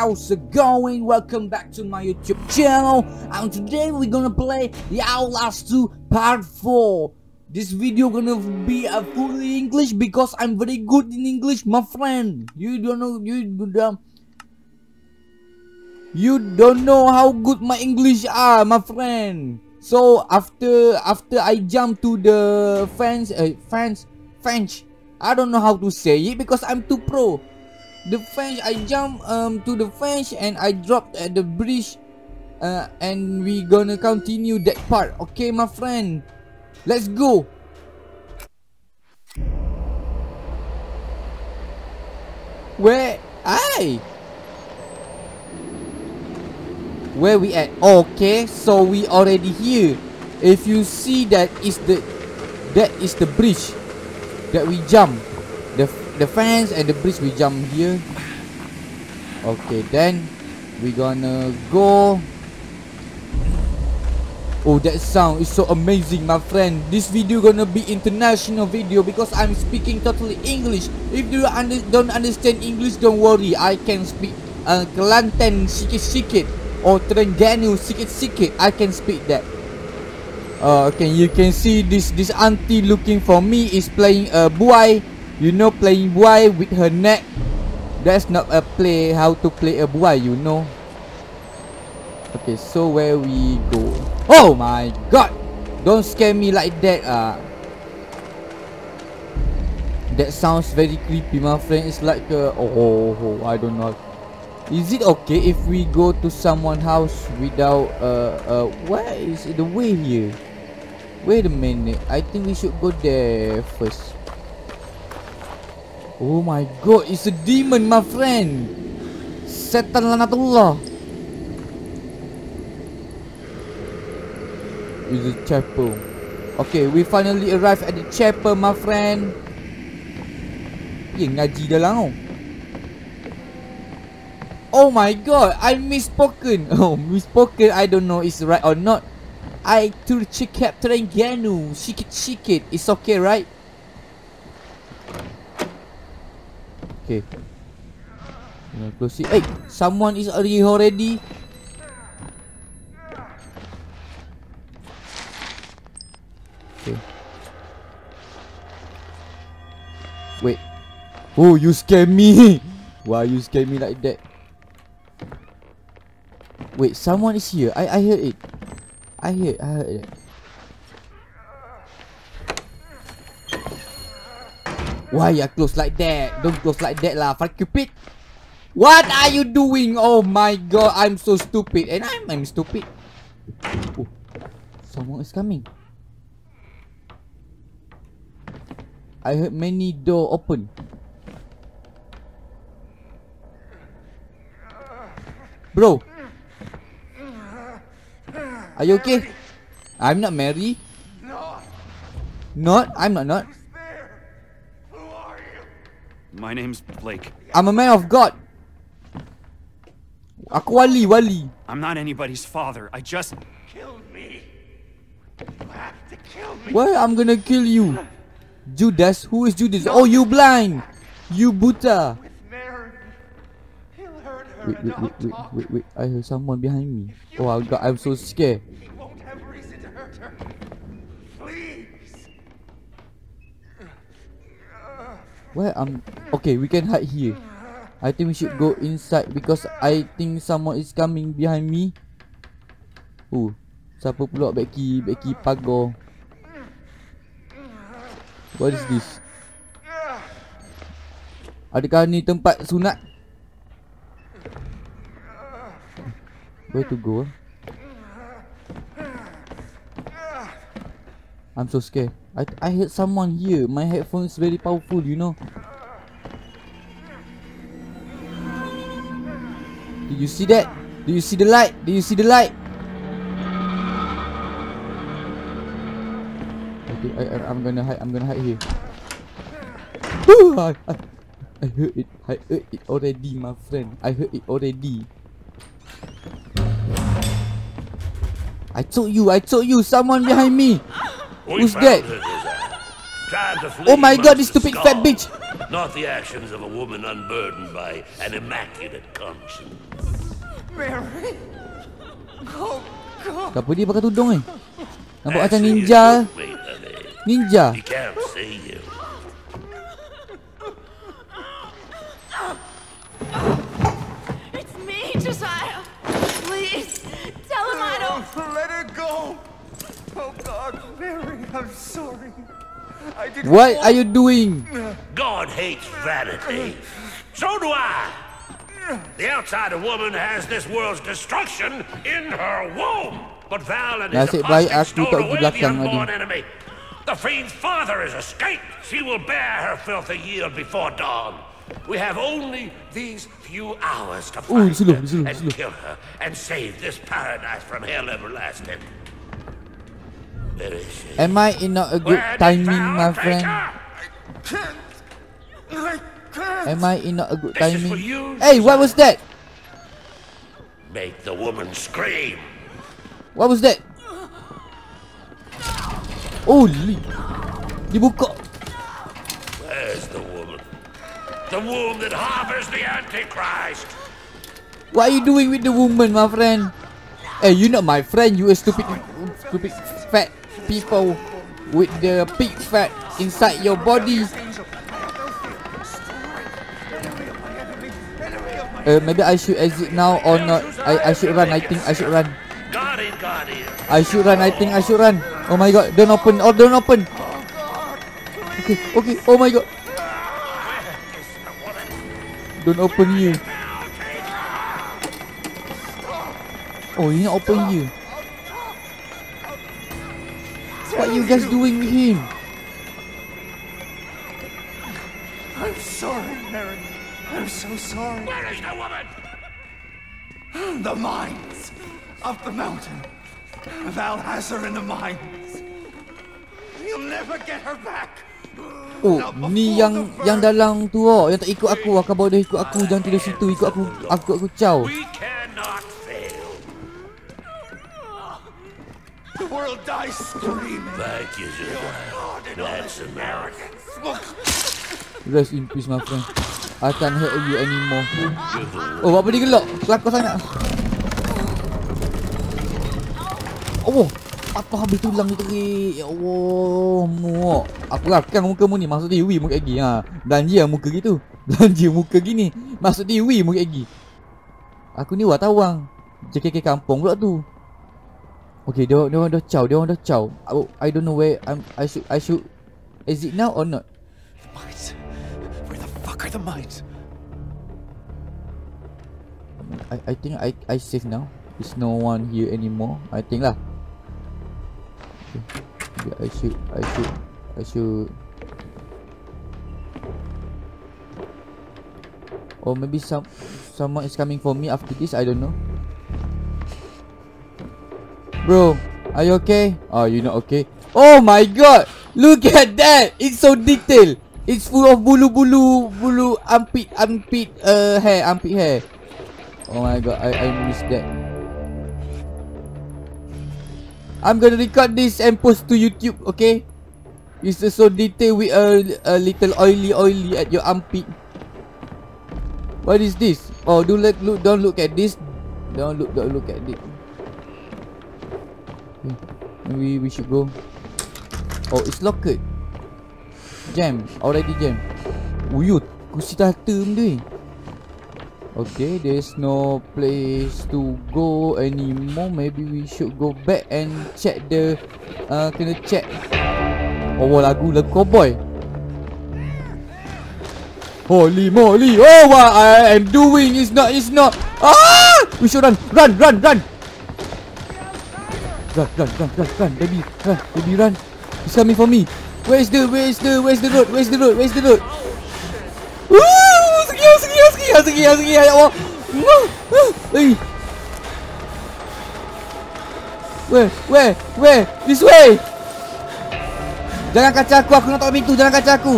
how's it going? Welcome back to my YouTube channel and today we're gonna play The Outlast 2 Part 4 This video gonna be a fully English because I'm very good in English my friend You don't know you um, You don't know how good my English are my friend So after after I jump to the fence uh, fence fence I don't know how to say it because I'm too pro the fence i jump um to the fence and i dropped at the bridge uh, and we gonna continue that part okay my friend let's go where i where we at okay so we already here if you see that is the that is the bridge that we jump the fence and the bridge we jump here okay then we gonna go oh that sound is so amazing my friend this video gonna be international video because i'm speaking totally english if you under don't understand english don't worry i can speak uh, kelantan sikit-sikit or oh, terengganu sikit-sikit i can speak that uh, okay you can see this this auntie looking for me is playing a uh, buai you know playing buai with her neck? That's not a play how to play a boy, you know. Okay, so where we go? Oh my god! Don't scare me like that, ah. Uh. That sounds very creepy, my friend. It's like a... Oh, oh, I don't know. Is it okay if we go to someone's house without... Uh, uh, where is the way here? Wait a minute. I think we should go there first. Oh my god, it's a demon my friend. Setan lanatullah. It's a chapel. Okay, we finally arrived at the chapel my friend. Yang ngaji dah tu. Lah, oh. oh my god, I misspoken. Oh, misspoken. I don't know is right or not. I to check captain Genu. Sikit-sikit. It's okay, right? Okay Nak close Eh Someone is already already Okay Wait Oh you scare me Why you scare me like that Wait someone is here I I hear it I hear I hear it Why you close like that? Don't close like that lah, fuck cupid. What are you doing? Oh my god, I'm so stupid. And I'm I'm stupid. Oh, someone is coming. I heard many door open. Bro. Are you okay? I'm not Mary. Not. I'm not not. My name's Blake. I'm a man of God. Aku wali, wali. I'm not anybody's father. I just... killed me. You have to kill me. Well, I'm gonna kill you. Judas? Who is Judas? No. Oh, you blind. You Buddha. Wait, wait, wait, wait, wait, wait. I hear someone behind me. Oh, I got, I'm so scared. Where I'm um, Okay we can hide here I think we should go inside Because I think someone is coming behind me Oh Siapa pula Becky Becky pagor What is this Adakah ni tempat sunat Where to go eh? I'm so scared I I heard someone here. My headphone is very powerful, you know. Do you see that? Do you see the light? Do you see the light? Okay, I, I, I'm gonna hide. I'm gonna hide here. I, I, I heard it. I heard it already, my friend. I heard it already. I told you. I told you. Someone behind me. Who's that? oh my god, this stupid skull, fat bitch! Not the actions of a woman unburdened by an immaculate conscience. Mary! Go, go! Kapo dia pakai tudung eh. Nampak macam ninja. Ninja. He can't see you. It's me, Josiah. Please, tell him I don't. Let her go. Oh God, Mary, I'm sorry. What are you doing? God hates vanity. So do I. The outside of woman has this world's destruction in her womb. But Valen is a baik aku tak pergi belakang tadi. The fiend's father is escaped. She will bear her filthy yield before dawn. We have only these few hours to find oh, her and kill her and save this paradise from hell everlasting. Am I in not a good timing, my friend? Am I in not a good timing? hey, what was that? Make the woman scream. What was that? Holy. Dibuka. Where's the woman? The womb that harbors the Antichrist. What are you doing with the woman, my friend? Hey, you're not my friend. You a stupid, stupid fat people with the pig fat inside your body. Uh, maybe I should exit now or not. I, I should run. I think I should run. I should run. I think I should run. Oh my god. Don't open. Oh, don't open. Okay. Okay. Oh my god. Don't open you. Oh, you open you. What you guys you? doing with him? I'm sorry, Mary. I'm so sorry. Where is the woman? The mines. Up the mountain. Val has her in the mines. You'll never get her back. Oh, ni yang yang dalam tu oh, yang tak ikut aku, akan bodoh ikut aku, jangan tidur situ, ikut aku aku, aku caw. die screaming. Thank you, Jedi. That's American. Rest in peace, my friend. I can't hurt you anymore. Oh, apa dia gelap? Kelakar sangat. Oh, apa habis tulang ni teri? Ya Allah, muak. Aku rakan lah, muka mu ni. Maksud dia, wee, muka lagi. Ha. Belanja muka gitu. Belanja muka gini. Maksud dia, wee, muka lagi. Aku ni watawang. JKK kampung pula tu. Okay, they they want dah caw, They want dah caw. I, I don't know where I'm I should I should it now or not. Mines. Where the fuck are the mines? I I think I I safe now. There's no one here anymore. I think lah. Okay. I should I should I should Or maybe some someone is coming for me after this, I don't know. Bro, are you okay? Oh, you not okay? Oh my god! Look at that! It's so detailed! It's full of bulu-bulu, bulu, ampit, ampit, uh, hair, ampit hair. Oh my god, I, I miss that. I'm gonna record this and post to YouTube, okay? It's so detailed with a, a little oily oily at your armpit. What is this? Oh, do look, look, don't look at this. Don't look, don't look at this. Maybe hmm. we should go. Oh, it's locked. Jam. Already jam. Uyut. Kursi tak harta benda Okay, there's no place to go anymore. Maybe we should go back and check the... Uh, kena check. Oh, wow, lagu. Lagu cowboy. Holy moly. Oh, what I am doing is not, is not. Ah! We should run. Run, run, run. Kan, kan, kan, run, run, run, run, run, baby, run, baby, run. He's coming for me. Where's the, where's the, where's the road, where's the road, where's the road? Woo! Sekir, oh, sekir, oh, sekir, oh, sekir, sekir, ayat Allah. Hey. Where, where, where, this way. Jangan kacau aku, aku nak tolong pintu, jangan kacau aku.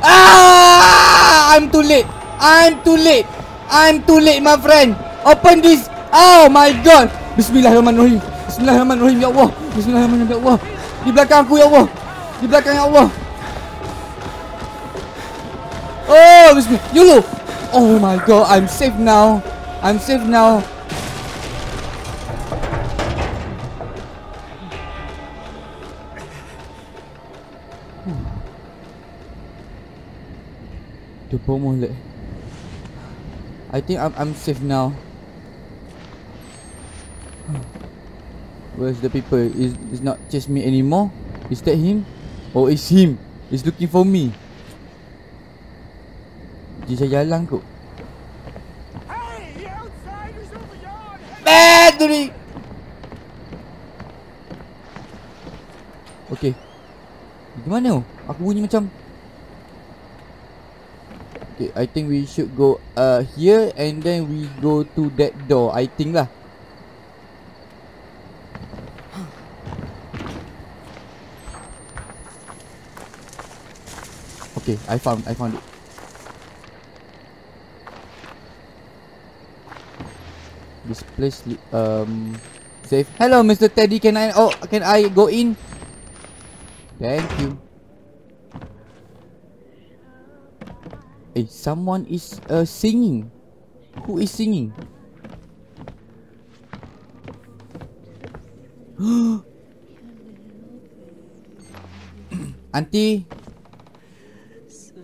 Ah! I'm too late. I'm too late. I'm too late, my friend. Open this. Oh my god. Bismillahirrahmanirrahim. Bismillahirrahmanirrahim ya Allah. Bismillahirrahmanirrahim ya Allah. Di belakang aku ya Allah. Di belakang ya Allah. Oh, bismillah. Yulu. Oh my god, I'm safe now. I'm safe now. The bomb I think I'm I'm safe now. where's the people is is not chase me anymore is that him or is him is looking for me dia saya jalan kot Badri Okay Di mana? Aku bunyi macam Okay, I think we should go uh, here And then we go to that door I think lah okay, I found, I found it. This place, um, safe. Hello, Mr. Teddy. Can I? Oh, can I go in? Thank you. Hey, someone is uh singing. Who is singing? Auntie.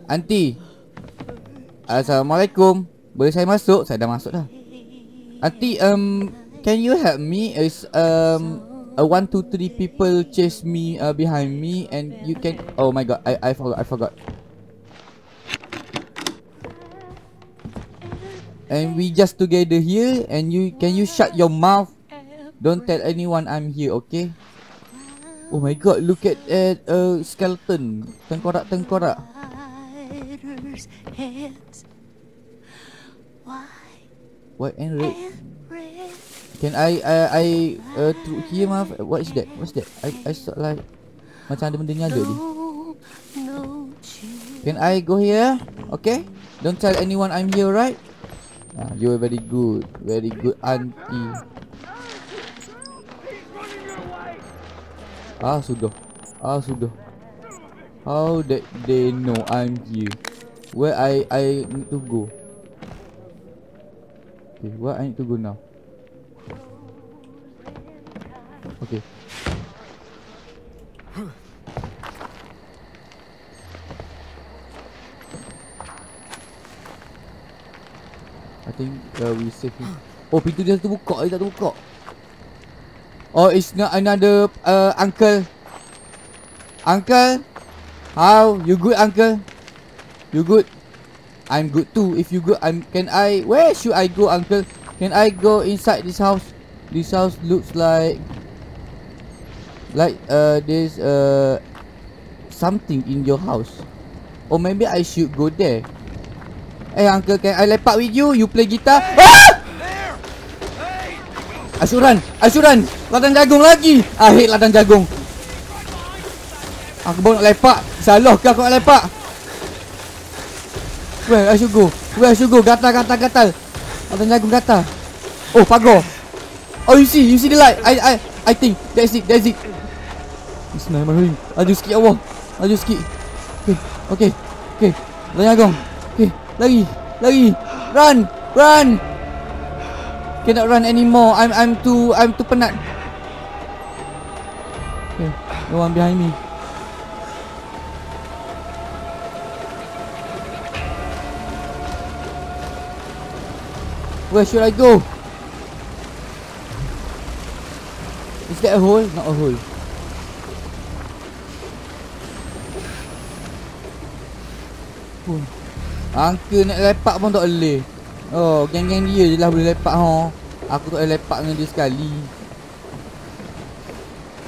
Aunty Assalamualaikum Boleh saya masuk? Saya dah masuk dah Aunty, um Can you help me? Is um A one, two, three people chase me uh, behind me And you can Oh my god, I, I forgot, I forgot And we just together here And you, can you shut your mouth? Don't tell anyone I'm here, okay? Oh my god, look at, a uh, skeleton Tengkorak, tengkorak letters, hands. White. White and red. Can I uh, I uh, through here ma? what is that? What's that? I I saw like macam ada benda nyala no, Can I go here? Okay. Don't tell anyone I'm here, right? Ah, you are very good. Very good auntie. Ah, sudah. Ah, sudah. How that they know I'm here? Where I I need to go? Okay, where I need to go now? Okay. I think uh, we safe. Oh, pintu dia terbuka. Dia tak terbuka. Oh, it's not another uh, uncle. Uncle. How you good uncle? You good? I'm good too. If you good, I'm. Can I? Where should I go, uncle? Can I go inside this house? This house looks like like uh there's uh something in your house. Or oh, maybe I should go there. Hey uncle, can I lepak with you? You play guitar? Hey! Ah! Hey! Asuran, should Ladang jagung lagi. Ah, I hate ladang jagung. Aku baru nak lepak Salah ke aku nak lepak Where I should go Where I should go Gatal gatal gatal Aku tanya aku gatal Oh pagar Oh you see you see the light I I I think That's it that's it It's my memory Laju sikit ya Allah Laju sikit Okay okay Okay Tanya aku Okay Lari Lari Run Run Cannot run anymore I'm I'm too I'm too penat Okay No one behind me Where should I go? Is that a hole? Not a hole. Angka nak lepak pun tak boleh Oh, geng-geng dia je lah boleh lepak ha Aku tak boleh lepak dengan dia sekali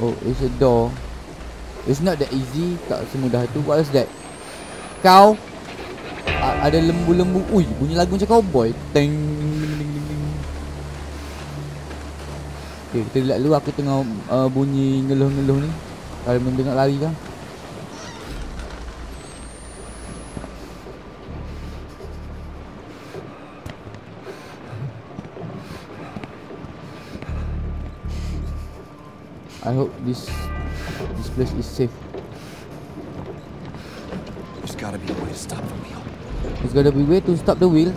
Oh, it's a door It's not that easy Tak semudah tu What is that? Kau? ada lembu-lembu. Ui, bunyi lagu macam cowboy. Teng Okay, ding ding. kita lihat dulu aku tengah uh, bunyi ngeluh-ngeluh ni. Kalau nak lari kan. I hope this this place is safe. There's gotta be a way to stop from behind. There's gotta be way to stop the wheel.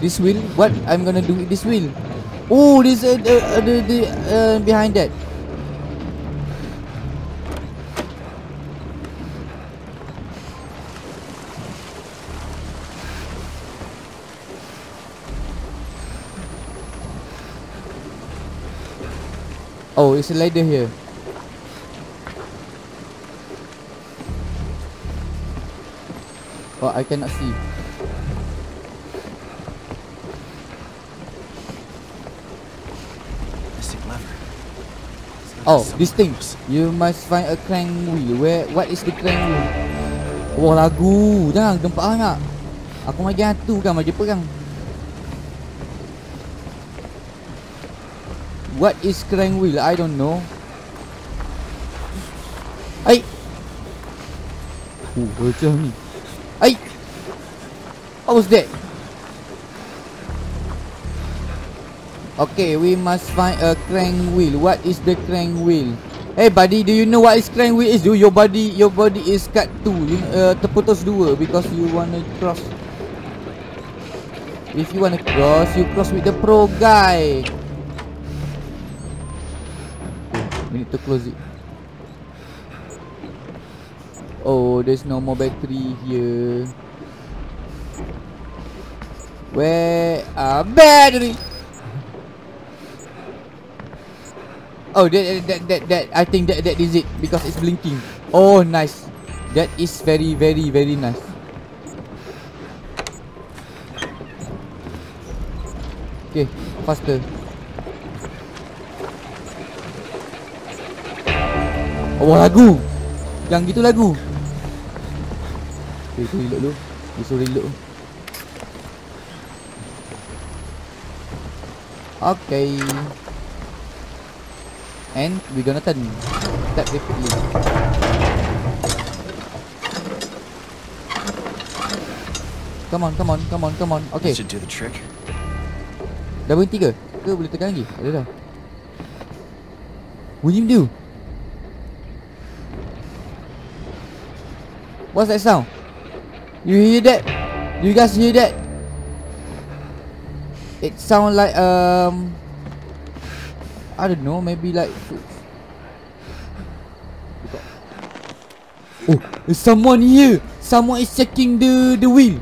This wheel? What I'm gonna do with this wheel? Oh, this uh, uh, the, the uh, behind that. Oh, it's a ladder here. but I cannot see. Oh, this thing. You must find a crank wheel. Where? What is the crank wheel? Wah, oh, lagu. Jangan gempak sangat. Aku lagi hantu kan, lagi perang. What is crank wheel? I don't know. Hai. Oh, macam ni. What was that? Okay, we must find a crank wheel. What is the crank wheel? Hey buddy, do you know what is crank wheel is? Do your body your body is cut two, you, uh, terputus dua because you wanna cross. If you wanna cross, you cross with the pro guy. We need to close it. Oh, there's no more battery here. Where a battery? Oh, that, that that that I think that that is it because it's blinking. Oh, nice. That is very very very nice. Okay, faster. Oh, lagu. Yang gitu lagu. Okay, reload dulu. Disuruh reload. Okay. And we gonna turn. That rapidly. Come on, come on, come on, come on. Okay. Should do the trick. Dah berhenti tiga. Kau boleh tekan lagi? Ada dah. What you do? What's that sound? You hear that? You guys hear that? It sound like um I don't know, maybe like Oh, there's someone here. Someone is checking the the wheel.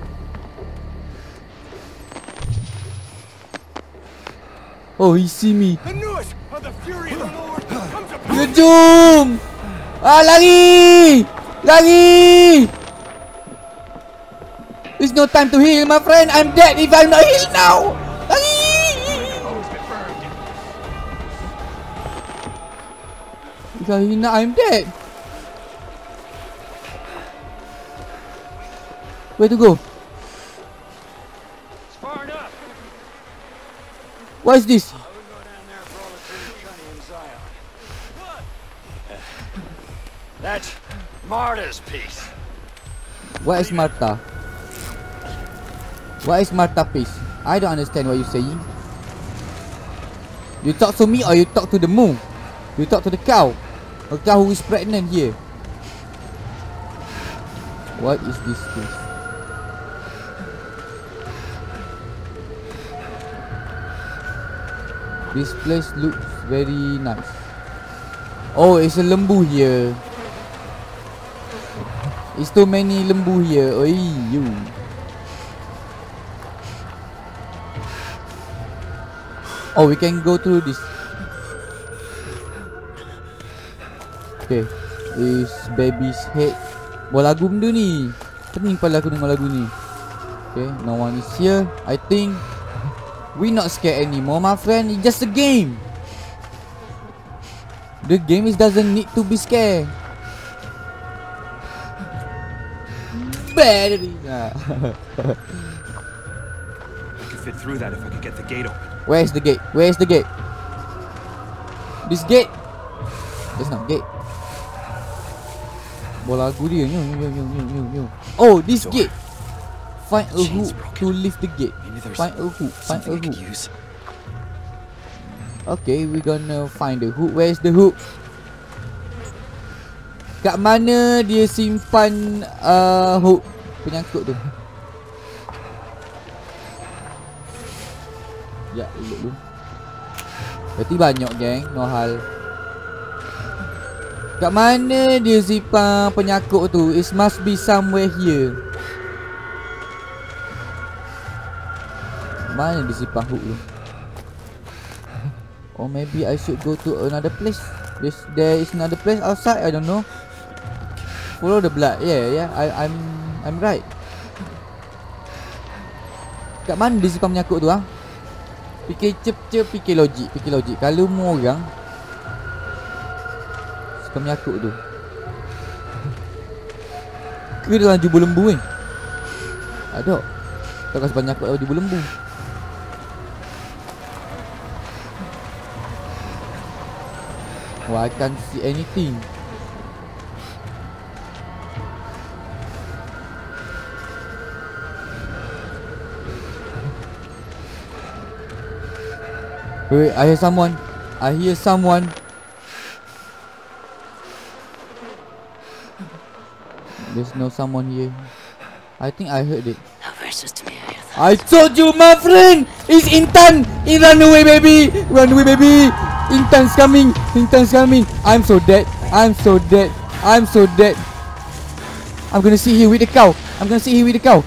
Oh, he see me. The doom! Ah, lari! Lari! It's no time to heal, my friend. I'm dead if I'm not healed now. Because I'm dead. Where to go? What is this? That's Marta's piece. What is Marta? What is Marta piece? I don't understand what you're saying. You talk to me or you talk to the moon? You talk to the cow? A girl is pregnant here. What is this place? This place looks very nice. Oh, it's a lembu here. It's too many lembu here. Oi, you. Oh, we can go through this. Okay Is Baby's Head Buat lagu benda ni Pening kepala aku dengar lagu ni Okay No one is here I think We not scared anymore my friend It's just a game The game is doesn't need to be scared Battery I could fit through that if I could get the gate open Where's the gate? Where's the gate? This gate? There's no gate Bola lagu dia new, new, new, new, new, new. Oh this gate Find a hook to lift the gate Find a hook Find a hook Okay we gonna find the hook Where's the hook Kat mana dia simpan uh, hook penyangkut tu Ya, elok dulu Berarti banyak geng, no hal Kat mana dia zipang penyakuk tu? It must be somewhere here. Mana dia zipang hook tu? Or maybe I should go to another place. There's, there is another place outside. I don't know. Follow the blood. Yeah, yeah. I, I'm I'm right. Kat mana dia zipang penyakuk tu ah? Ha? Fikir cep-cep, fikir logik, fikir logik. Kalau mu orang, Makan menyakut tu Kira dalam jubur lembu ni eh? Ada Tak kasi banyak kot jubur lembu Well, I can't see anything Wait, I hear someone I hear someone There's no someone here. I think I heard it. I, told you, my friend! It's Intan! It run away, baby! Run away, baby! Intan's coming! Intan's coming! I'm so dead! I'm so dead! I'm so dead! I'm gonna see here with the cow! I'm gonna see here with the cow!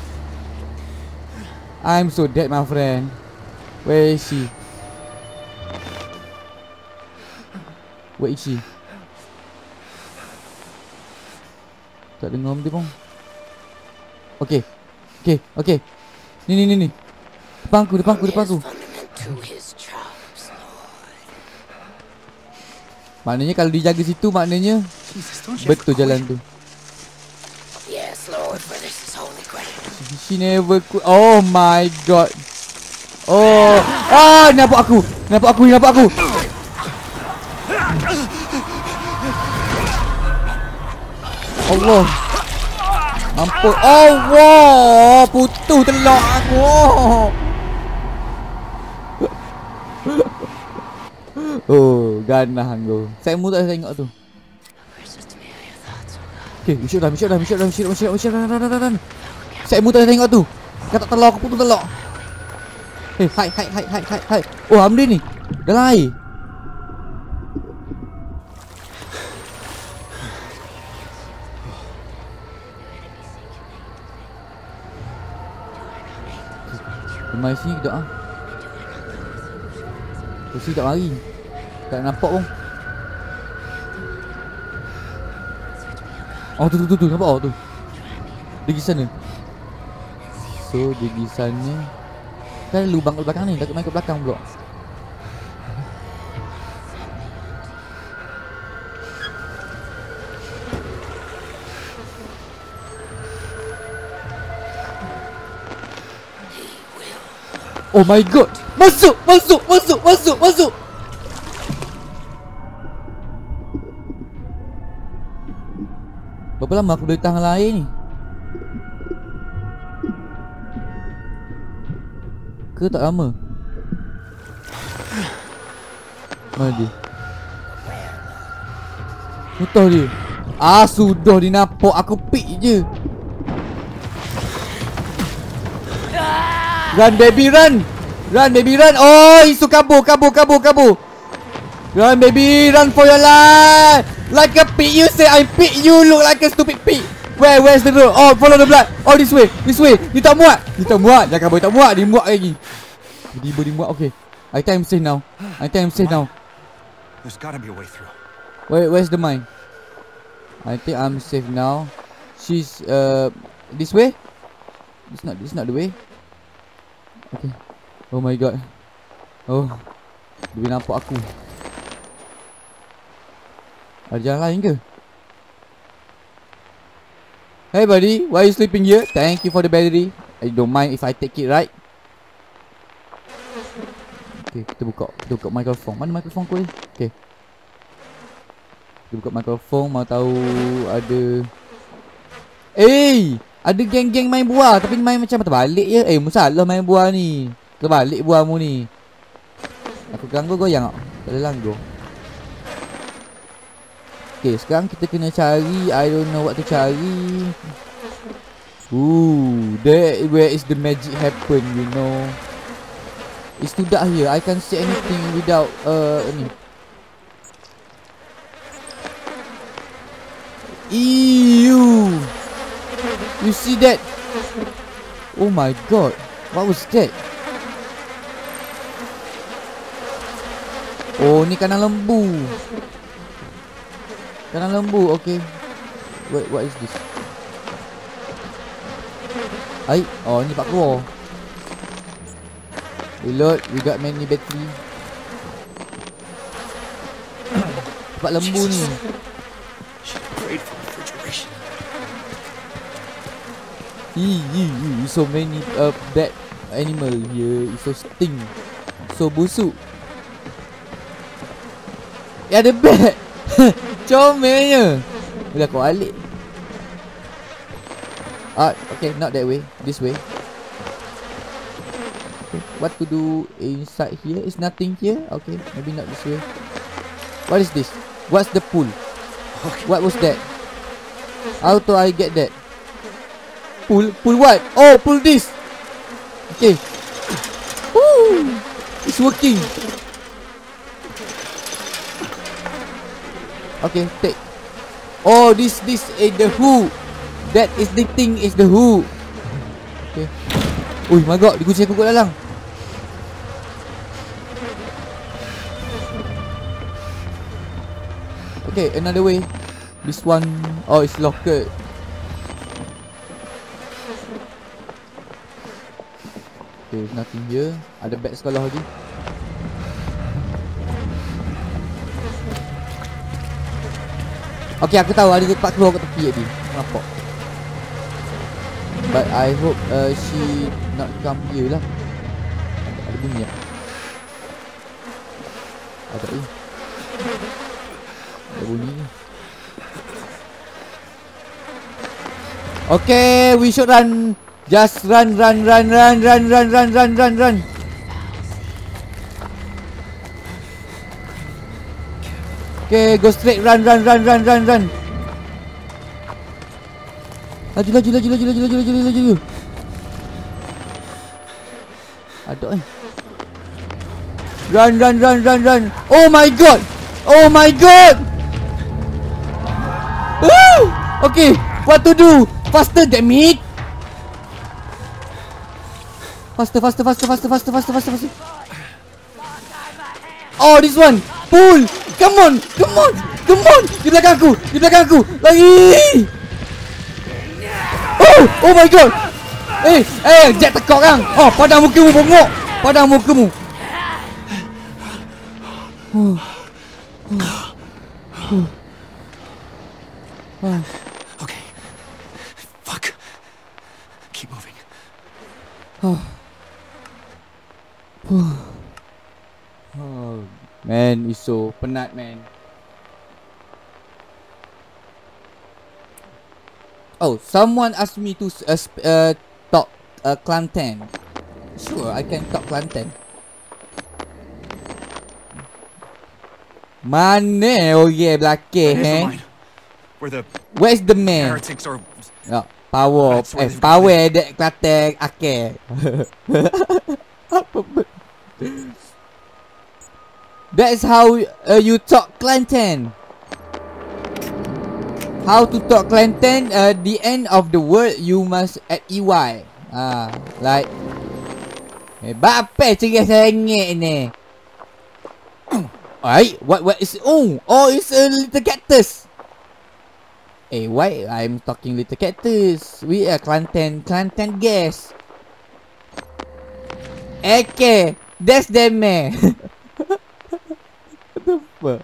I'm so dead, my friend. Where is she? Where is she? Tak dengar benda pun Okay Okay Okay Ni ni ni ni Depan aku depan aku depan aku Maknanya kalau dijaga situ maknanya Betul jalan tu She never could Oh my god Oh Ah nampak aku Nampak aku nampak aku Allah Mampu Oh wow Putuh telak aku Oh Ganah aku Saya mu tak saya tengok tu Okay Mishuk dah Mishuk dah Mishuk dah Mishuk dah Mishuk dah Mishuk dah Saya mu tak saya tengok tu Kata telak aku putuh telak Hey, eh, hai hai hai hai hai Oh, ambil ni. Dalam air. Rumah sini kejap lah Kursi tak mari Tak nampak pun Oh tu tu tu tu nampak oh tu Dia pergi sana So dia pergi sana Kan lubang kat belakang ni Takut main kat belakang pulak Oh my god Masuk Masuk Masuk Masuk Masuk Berapa lama aku boleh tahan air ni Ke tak lama Mana dia Mutah dia Ah sudah dia nampak aku pick je Run baby run Run baby run Oh isu kabu, kabu, kabu, kabu. Run baby run for your life Like a pig you say I pig you look like a stupid pig Where where's the road Oh follow the blood Oh this way this way You tak muat You tak muat Jangan boy tak muat Dia muat lagi Dia boleh muat okay I think I'm safe now I think I'm safe now There's gotta be a way through Wait where's the mine I think I'm safe now She's uh This way It's not, it's not the way Okay. Oh my god. Oh. Dia nampak aku. Ada jalan lain ke? Hey buddy, why you sleeping here? Thank you for the battery. I don't mind if I take it right. Okay, kita buka. Kita buka microphone. Mana microphone kau? ni? Okay. Kita buka microphone. Mau tahu ada... Eh! Hey! Ada geng-geng main buah tapi main macam terbalik je. Eh, masalah main buah ni. Terbalik buah mu ni. Aku ganggu goyang ah. Tak ada langgu. Okey, sekarang kita kena cari I don't know what to cari. Ooh, there where is the magic happen, you know. It's too dark here. I can't see anything without uh ni. Ee You see that? Oh my god. What was that? Oh, ni kanan lembu. Kanan lembu, okay. Wait, what is this? Hai, oh ni pak tua. Reload, we got many battery. Pak lembu ni. ee ee so many uh, bad animal here it's so sting so busuk ya the bad comelnya bila kau alik ah uh, okay not that way this way okay, what to do inside here is nothing here okay maybe not this way what is this what's the pool what was that how do i get that pull Pull what? Oh pull this Okay Woo. It's working Okay take Oh this this is the who That is the thing is the who Okay Oh my god dikunci aku kot dalam Okay another way This one Oh it's locked Okay, there's nothing here. Ada bag sekolah lagi. Okay, aku tahu. Ada tempat keluar ke tepi tadi. Nampak. But I hope uh, she not come here lah. Ada, ada bunyi lah. Ada ni. Ada bunyi lah. Okay, we should run... Just run run run run run run run run run run. Okay, go straight run run run run run run. Laju laju laju laju laju laju laju laju laju. Aduh. Run run run run run. Oh my god. Oh my god. Woo! Okay, what to do? Faster than me. Faster, faster, faster, faster, faster, faster, faster, faster. Oh, this one. Pull. Come on. Come on. Come on. Di belakang aku. Di belakang aku. Lagi. Oh, oh my god. Eh, eh, jet tekok kan. Oh, padang muka mu bongok. Padang muka mu. Oh. Oh. Oh. Oh. that mean? Oh, someone asked me to uh, sp uh talk uh clan 10. Sure, I can talk clan 10. Mane, oh yeah, black eh? the Where the Where's the man? Yeah, oh, power, eh, power, that, that, okay. That's how uh, you talk Clinton. How to talk Clinton? Uh, the end of the word you must at EY. Ah, uh, like. Eh, apa cerita saya ngek ni? Ay, what what is oh, oh it's a little cactus. Eh, why I'm talking little cactus? We are Clinton, Clinton guest. Okay, that's them eh. apa?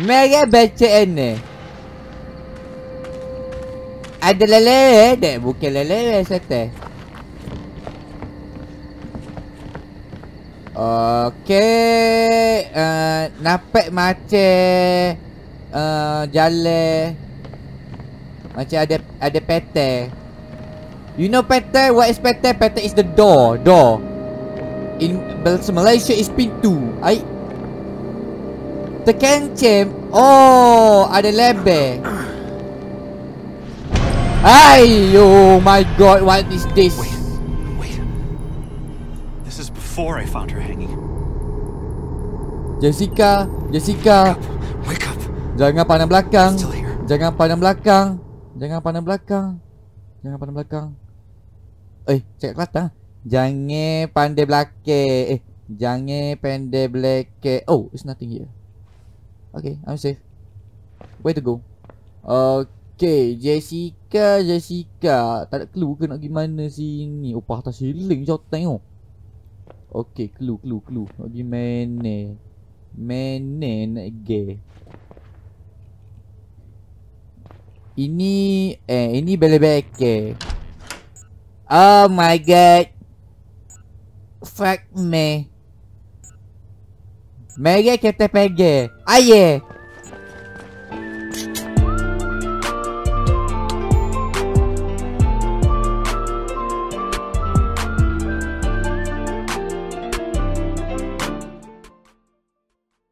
Merah bacaan ni. Ada lele eh? dek bukan lele eh, sate. Okey, uh, nampak macam uh, jale macam ada ada pete. You know pete? What is pete? Pete is the door, door. In Malaysia is pintu. Aiy, terkencing. Oh, ada lembek. Ayo, oh my god, what is this? Wait, wait. This is before I found her hanging. Jessica, Jessica. Wake up. Jangan pandang belakang. Jangan pandang belakang. Jangan pandang belakang. Jangan pandang belakang. Eh, cek kelas dah. Ha? Jangan pandai belakang. Eh, jangan pandai belakang. Oh, it's nothing here. Okay, I'm safe. Where to go? Okay, Jessica, Jessica. Tak ada clue ke nak pergi mana sini? Oh, patah siling jauh tengok. Okay, clue, clue, clue. Nak pergi mana? Mana nak pergi? Ini, eh, ini belebek. Oh my god. Fuck me. मैं गए कितने pack गए आइए